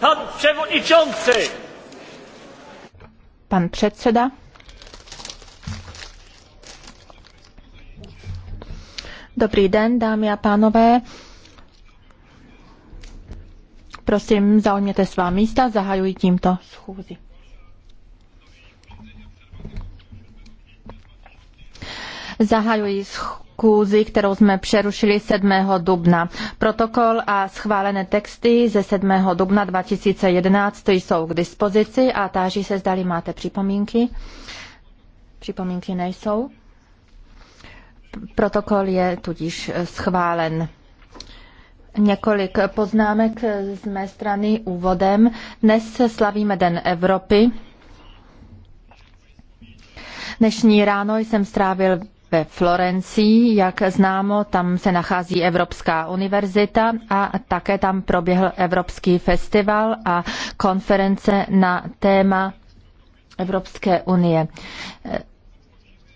Pan Pan předseda. Dobrý den, dámy a pánové. Prosím, zaujměte svá místa, zahajuji tímto schůzi. Zahajuji schůzi, kterou jsme přerušili 7. dubna. Protokol a schválené texty ze 7. dubna 2011 jsou k dispozici a táží se, zdali máte připomínky. Připomínky nejsou. Protokol je tudíž schválen. Několik poznámek z mé strany úvodem. Dnes slavíme Den Evropy. Dnešní ráno jsem strávil ve Florencii. Jak známo, tam se nachází Evropská univerzita a také tam proběhl Evropský festival a konference na téma Evropské unie.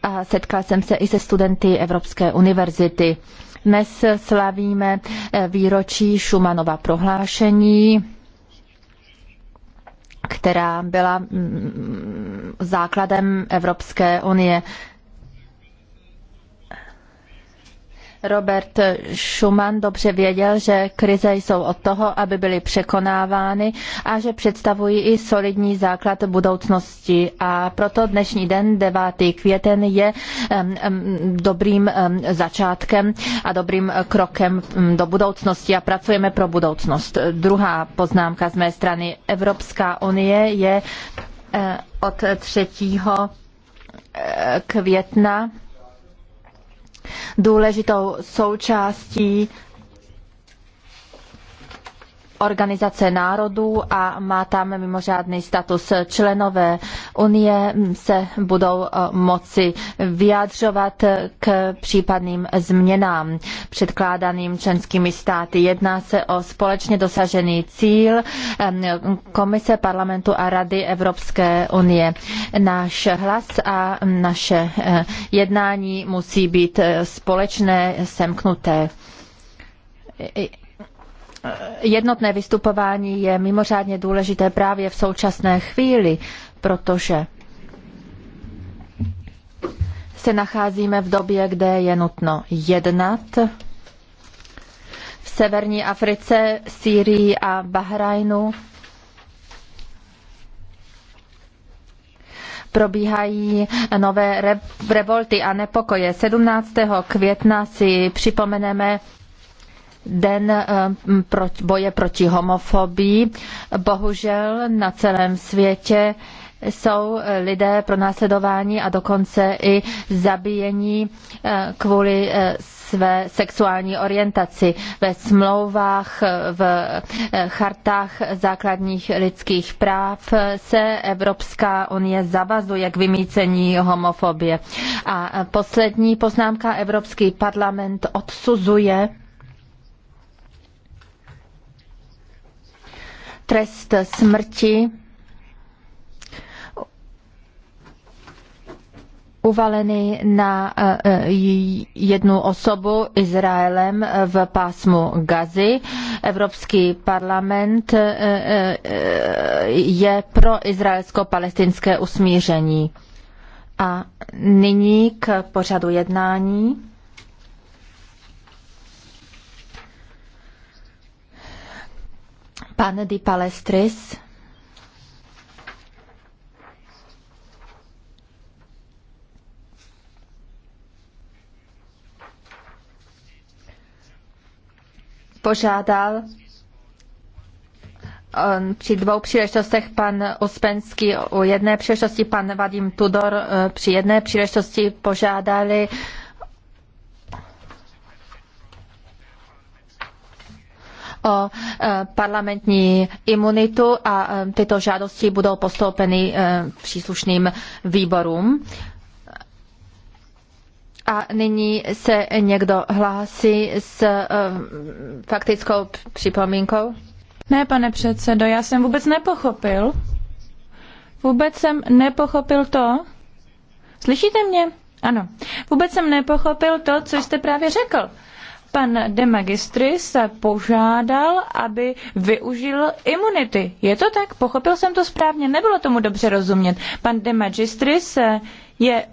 A setkal jsem se i se studenty Evropské univerzity. Dnes slavíme výročí Šumanova prohlášení, která byla mm, základem Evropské unie. Robert Schuman dobře věděl, že krize jsou od toho, aby byly překonávány a že představují i solidní základ budoucnosti. A proto dnešní den, 9. květen, je dobrým začátkem a dobrým eh, krokem mm, do budoucnosti a pracujeme pro budoucnost. Druhá poznámka z mé strany. Evropská unie je eh, od 3. Eh, května důležitou součástí Organizace národů a má tam mimořádný status. Členové Unie se budou eh, moci vyjadřovat k případným změnám předkládaným členskými státy. Jedná se o společně dosažený cíl ehm, Komise parlamentu a Rady Evropské unie. Náš hlas a naše eh, jednání musí být eh, společné, semknuté jednotné vystupování je mimořádně důležité právě v současné chvíli, protože se nacházíme v době, kde je nutno jednat. V severní Africe, Sýrii a Bahrajnu probíhají nové revolty a nepokoje. 17. května si připomeneme den eh, boje proti homofobii. Bohužel na celém světě jsou lidé pronásledováni a dokonce i zabíjení eh, kvůli eh, své sexuální orientaci. Ve smlouvách, v chartách základních lidských práv se Evropská unie zavazuje k vymícení homofobie. A poslední poznámka, Evropský parlament odsuzuje trest smrti uvalený na eh, eh, jednu osobu Izraelem v pásmu Gazy. Evropský parlament eh, je pro izraelsko-palestinské usmíření. A nyní k pořadu jednání. Pan Di Palestris. požádal při dvou příležitostech pan Ospenský o jedné příležitosti, pan Vadim Tudor eh, při jedné příležitosti požádali o e, parlamentní imunitu a e, tyto žádosti budou postoupeny e, příslušným výborům. A nyní se někdo hlásí s faktickou připomínkou? Ne, pane předsedo, já jsem vůbec nepochopil. Vůbec jsem nepochopil to. Slyšíte mě? Ano. Vůbec jsem nepochopil to, co jste právě řekl pan de Magistris požádal, aby využil imunity. Je to tak? Pochopil jsem to správně? Nebylo tomu dobře rozumět. Pan de Magistris je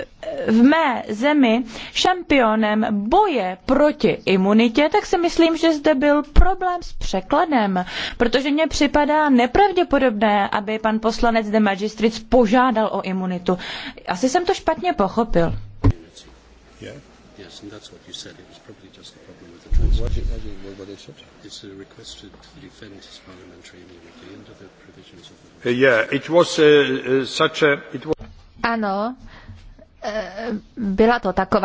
v mé zemi šampionem boje proti imunitě, tak si myslím, že zde byl problém s překladem, protože mně připadá nepravděpodobné, aby pan poslanec de Magistric požádal o imunitu. Asi jsem to špatně pochopil. Yeah. Yes, and that's what you said. It was probably just a problem with the translation. What, what, what, what is it? It's a request to defend his parliamentary immunity under the provisions of the... Uh, yeah, it was uh, uh, such a... It was... Ano, uh, byla to taková